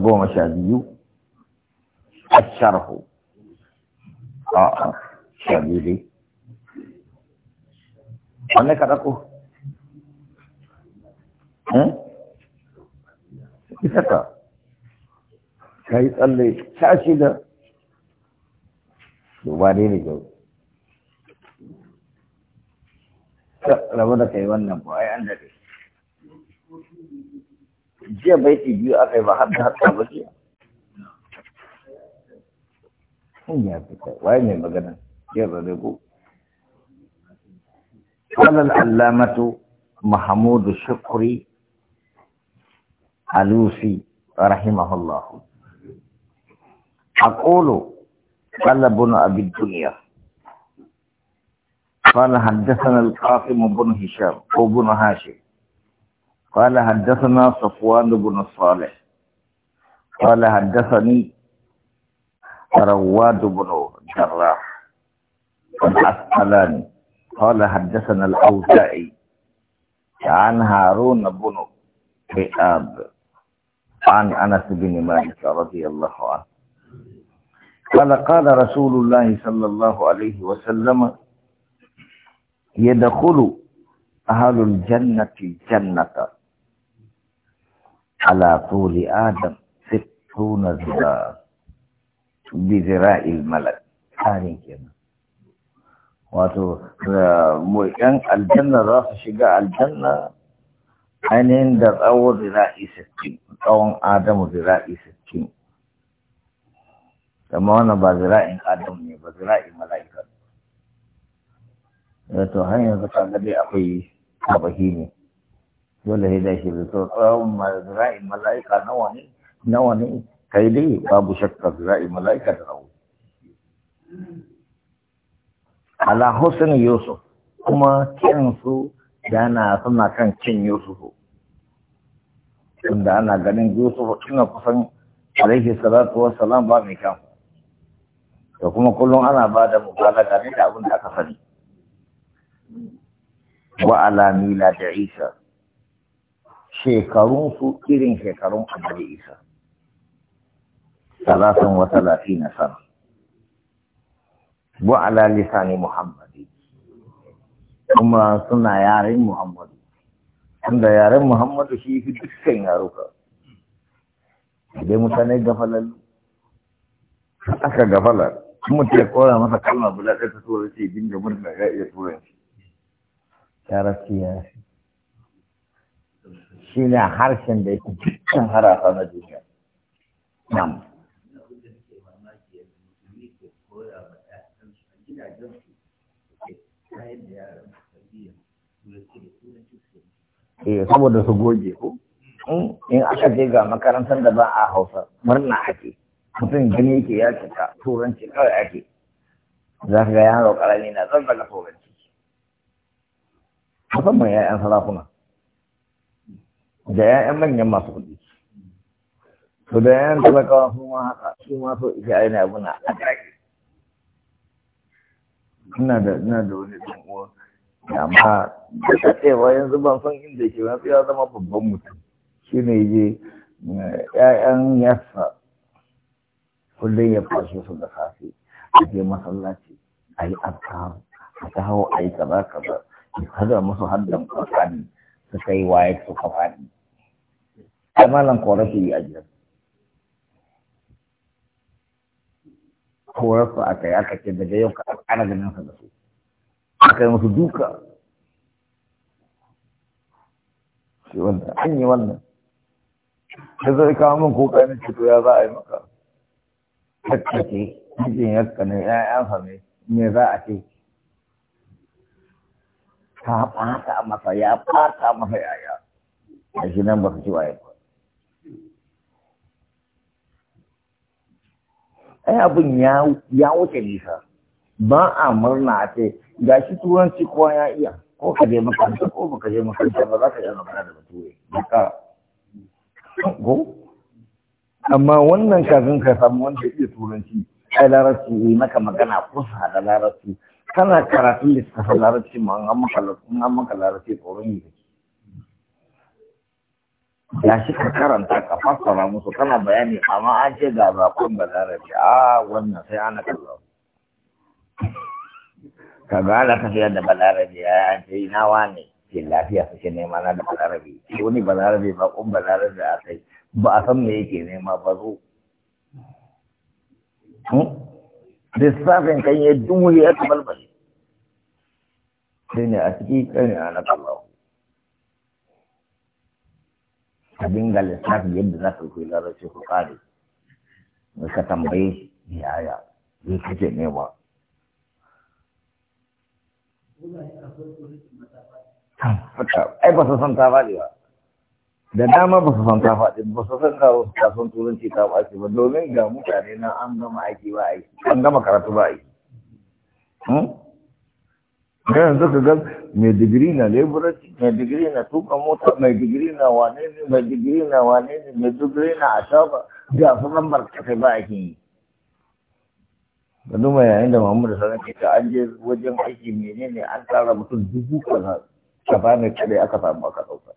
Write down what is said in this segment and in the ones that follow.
goma sha biyu a sharhu a sha biyu dai wanne ka ɗako hmm? isa ka ka yi tsalle sha shida duba dai da jau rabu da kai wannan ba yi an daɗe jiya baiti biyu aka yi ba har da hatta ba jiya in ya fita waye mai magana jiya zabe ko قال العلامة محمود الشكري علوسي رحمه الله أقول قال ابن أبي الدنيا قال حدثنا القاسم بن هشام وابن هاشم قال حدثنا صفوان بن صالح قال حدثني رواد بن جراح العسقلاني قال حدثنا الأوزاعي عن هارون بن كئاب عن أنس بن مالك رضي الله عنه قال قال رسول الله صلى الله عليه وسلم يدخل أهل الجنة الجنة على طول آدم ستون ذراع بذراع الملك حالين kenan, wato yan aljanna za su shiga aljanna ainihin da tsawon zira'i sittin tsawon adamu zira'i sittin kama wannan ba zira'in adamu ne ba zira'in mala'ika wato hanyar zaka ga akwai tabahi ne dole ne da shi da to tsawon zira'in mala'ika nawa ne nawa ne kai dai babu shakka zira'in mala'ika da rawu ala husn yusuf kuma da yana suna kan cin yusuf tunda ana ganin yusuf tunan kusan alaihi salatu wa salam ba mai kan da kuma kullum ana ba da mubalaga ne da abin da aka sani wa ala mila da isa Shekarun su irin shekarun annabi isa salasan wa talatin san wa ala lisani muhammadi kuma suna yaren muhammadu inda yaren muhammadu shi fi dukkan yaruka idan mutane gafalar aka gafalar kuma ta kora masa kalma bula ta turanci dinga murna ya iya turanci ya rafi ya shi harshen da yake cikin harafa na duniya nam Eh, saboda su goge ko hmm, in aka je ga makarantar da ba a hausa murna ake mutum gani yake ya cika turanci kawai ake za ka ga yaro karami na zan daga turanci musamman 'ya'yan sarakuna da 'ya'yan manyan masu kuɗi to da 'ya'yan talakawa su ma haka su ma so ike aini abu na agaraki ina da ina da wani ɗan uwa amma da katsewa yanzu ban san inda ke wani ya zama babban mutum shi ne je 'ya'yan eh, yasa kullum ya fashe su da safe a je masallaci a yi azkaru a kawo a yi kaza kaza ya kada musu haddan kwasani suka yi waye suka faɗi a malam korafi yi a kora korafi aka yi aka ce daga yau ka ana ganin sa da su aka yi musu duka shi wanda an yi wannan da zai kawo min ce to ya za a yi maka tattace cikin yakka ne ya'yansa ne me za a ce ta ɓata masa ya ɓata masa yaya a shi nan ba su ci waye ba ai abin ya wuce nisa ba a murna a ce ga shi turanci kowa ya iya ko ka je makaranta ko ba ka je makaranta ba za ka iya magana da bature ka ko amma wannan kafin ka samu wanda iya turanci ai larabci yi maka magana kusa da larabci kana karatun da suka san larabci ma an maka larabci tsoron yi kake ya shi ka karanta ka fassara musu kana bayani amma an ce ga zakon ba larabi a ah, wannan sai ana kallon ka ga ana tafiya da balarabi ya ce ina ne ke lafiya suke nema na da balarabi shi wani Balarabe ba kun balarabi a kai ba a san me yake nema ba zo hmm? lissafin kan yi dumu ya ta balbali sai ne a ciki kan yana kallon ka dinga lissafi yadda za ka da shi ku kare ka tambaye yaya zai kake nema ai ba su san ta faɗi ba da dama ba su san ta faɗi ba su san kasuwan turanci ta faɗi ba domin ga mutane na an gama aiki ba aiki an gama karatu ba aiki hmm? da yanzu ka ga mai digiri na leburanci mai digiri na tuka mota mai digiri na wane ne mai digiri na wane ne mai digiri na ashaba ga sunan barkatai ba ake yi da duma yayin da Muhammadu Sanar ke ta an je wajen aiki menene an tsara mutum dubu kaza kaza kare kadai aka samu aka ɗauka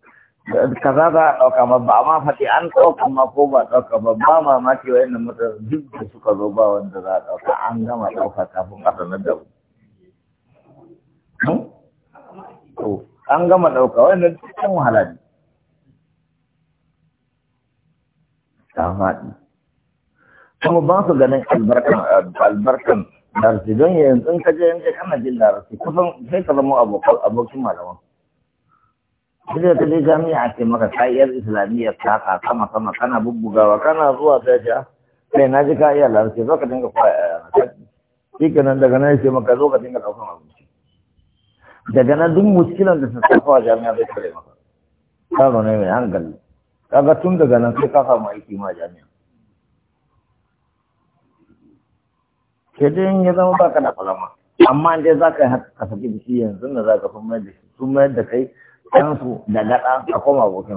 kaza za a ɗauka ba ba ma faɗi an ɗauka ma ko ba ɗauka ba ba mamaki wayan da mutum duk da suka zo ba wanda za a ɗauka an gama ɗauka kafin a sanar da mu an gama ɗauka wannan cikin wahala ne ta faɗi kuma ba su ganin albarkan albarkan darasi don yanzu in ka je yanzu kana jin darasi kusan sai ka zama abokin malaman Sai ka je jami'a a ce maka kayyar islamiyya ta ka sama sama kana bubbugawa kana zuwa sai ta sai ah, na ji ka iya larabci zo ka dinga kwaya a yana sai kenan daga nan sai maka zo ka dinga ɗaukan abu daga nan duk muskilan da su saka wa jami'a zai kare maka karo ne mai hankali kaga tun daga nan sai ka ma aiki ma jami'a sai dai ya zama ka da falama amma dai za ka yi haka ka saki biki yanzu da za ka fi mayar da shi sun mayar da kai kansu da gaɗa a koma abokin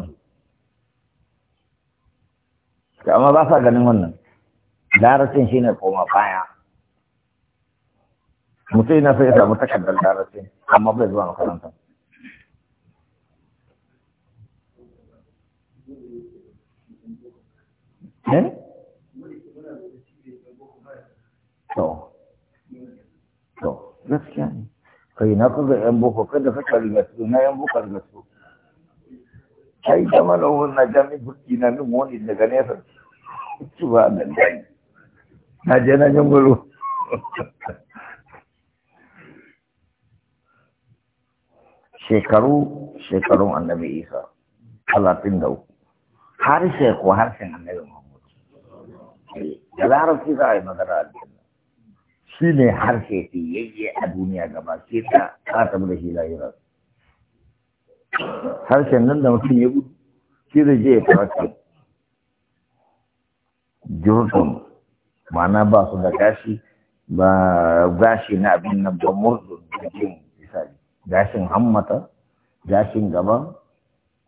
abokinsu amma ba sa ganin wannan larabcin shi ne koma baya mutum yana sai ya samu takardar larabci amma bai zuwa makaranta eh to gaskiya ne kai na kaga yan boko kada ka kari gasu na yan boko gasu kai da na jami burki na nun wani daga nesa su ba da na je na shekaru shekarun annabi isa talatin da uku harshe ko harshen annabi muhammad da larabci za a yi magana aljanna shi ne harshe yayye a duniya gaba ke ta katabu da shi lahira harshen nan da mutum ya gudu shi da je ya farce jirgin ma'ana ba su da gashi ba gashi na abin nan ba murdun da jirgin gashin hammata gashin gaba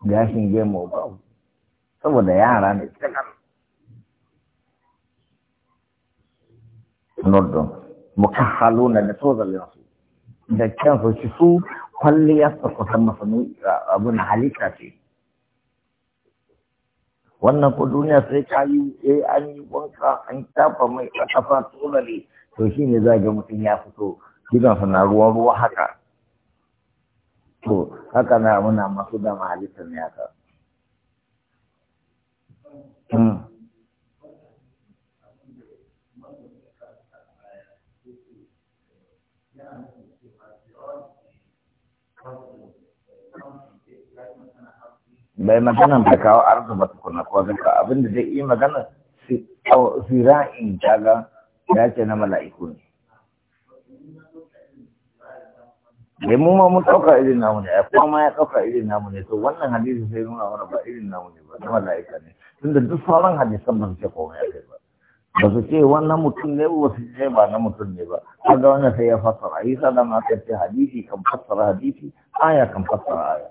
gashin gemu ba saboda yara ne tsakar nurdun mukahhaluna da tozalin su da kyan su ci su kwalliyar su kusan masanu abin halitta ce wannan ko duniya sai ka yi eh an yi wanka an tafa mai kafa tsolale to shine ne ga mutum ya fito gidansa na ruwan ruwa haka to haka na muna masu da halittar ne haka hmm. bai magana ba kawo arzu ba tukuna ko zaka abinda zai yi magana sira'in jaga ya ce na mala'iku ne mai mu ma mun ɗauka irin namu ne ai kuma ma ya ɗauka irin namu ne to wannan hadisi sai nuna mana ba irin namu ne ba na mala'ika ne tunda duk sauran hadisan ba su ce komai a kai ba ba su ce wannan mutum ne ba su ce ba na mutum ne ba kaga wannan sai ya fassara isa da ma ka ce hadisi kan fassara hadisi aya kan fassara aya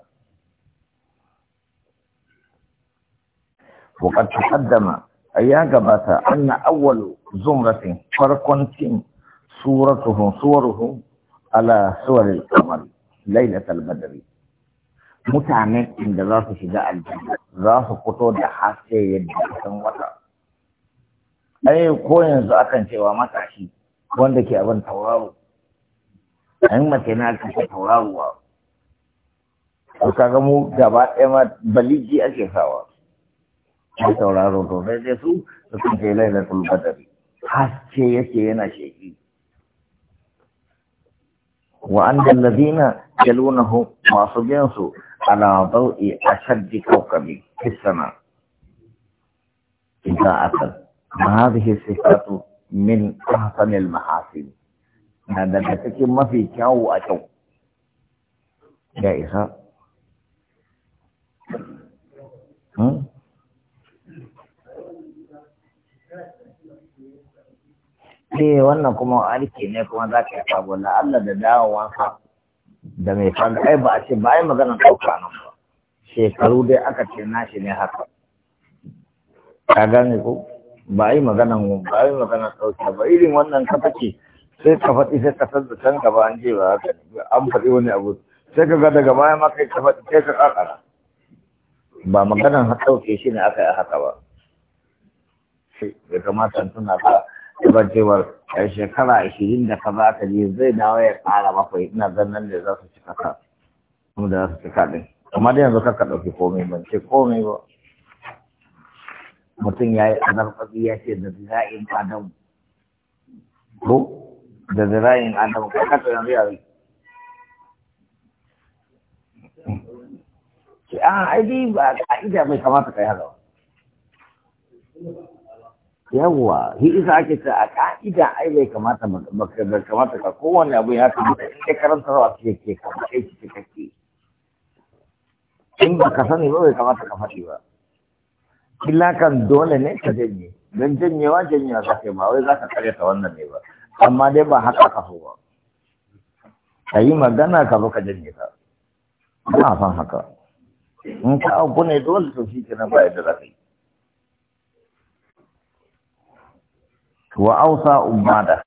وقد تقدم أيها جبات أن أول زمرة فرقنتين صورتهم صورهم ala suwarin kamar lailatul badri mutanen inda za su shiga aljanna za su fito da haske yadda kusan wata ai ko yanzu akan cewa matashi wanda ke abin tauraro an mace na kashe tauraruwa to kaga mu gaba ɗaya ma baliji ake sawa ta tauraro to sai su su kan ce lailatul badri haske yake yana sheki وأن الذين يلونه معصبينه على ضوء أشد كوكب في السماء إذا أتى هذه الصفات من أحسن المحاسن هذا تكي ما في كاو أتو يا هم؟ eh wannan kuma aliki ne kuma za ka yi fago na Allah da dawowa ka da mai fago ai ba a ce ba ai maganar ɗauka nan ba shekaru dai aka ce nashi ne haka ka gane ko ba ai maganar ba ai maganar ɗauka ba irin wannan ka ce sai ka faɗi sai ka san da ka ba an je ba haka an faɗi wani abu sai ka ga daga baya ma kai ka faɗi sai ka ƙarƙara ba maganar ɗauke shi ne aka yi haka ba ya kamata tuna ba ba cewar a shekara ashirin da kaza ka je zai dawo ya ƙara bakwai ina zannan da za su cika kasa kuma da za su cika ɗin amma da yanzu kaka ɗauki komai ban ce komai ba mutum ya yi azarfaɗi ya ce da zira'in adam ko da zira'in adam ko kasa yanzu ya rai a ai dai ba ka'ida bai kamata ka yi haka ba yawwa shi isa ake ce a ka'ida ai bai kamata bai kamata ka kowane abu ya kamata in kai karanta rawa ce ke kamata kai ki kake in ba ka sani ba bai kamata ka faɗi ba kila kan dole ne ka janye don janyewa janyewa za ka yi ba wai za ka karya ta wannan ne ba amma dai ba haka ka fi ba ka yi magana ka zo ka janye ta ba san haka in ka abu ne dole to shi kenan ba yadda za ka yi wa ausa ummada